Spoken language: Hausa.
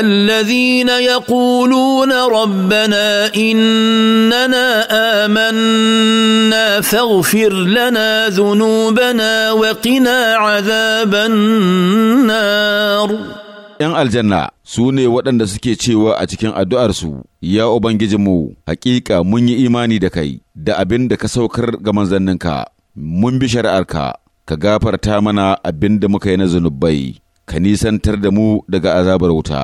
الذين يقولون ربنا إننا آمنا فاغفر لنا ذنوبنا وقنا عذاب النار ‘Yan aljanna su ne waɗanda suke cewa a cikin addu'arsu, Ya Ubangijinmu, hakika mun yi imani da kai, da abin da ka saukar ga manzanninka, mun bi shari'arka, ka gafarta mana abin da muka yi na zunubai, ka nisantar da mu daga azabar wuta.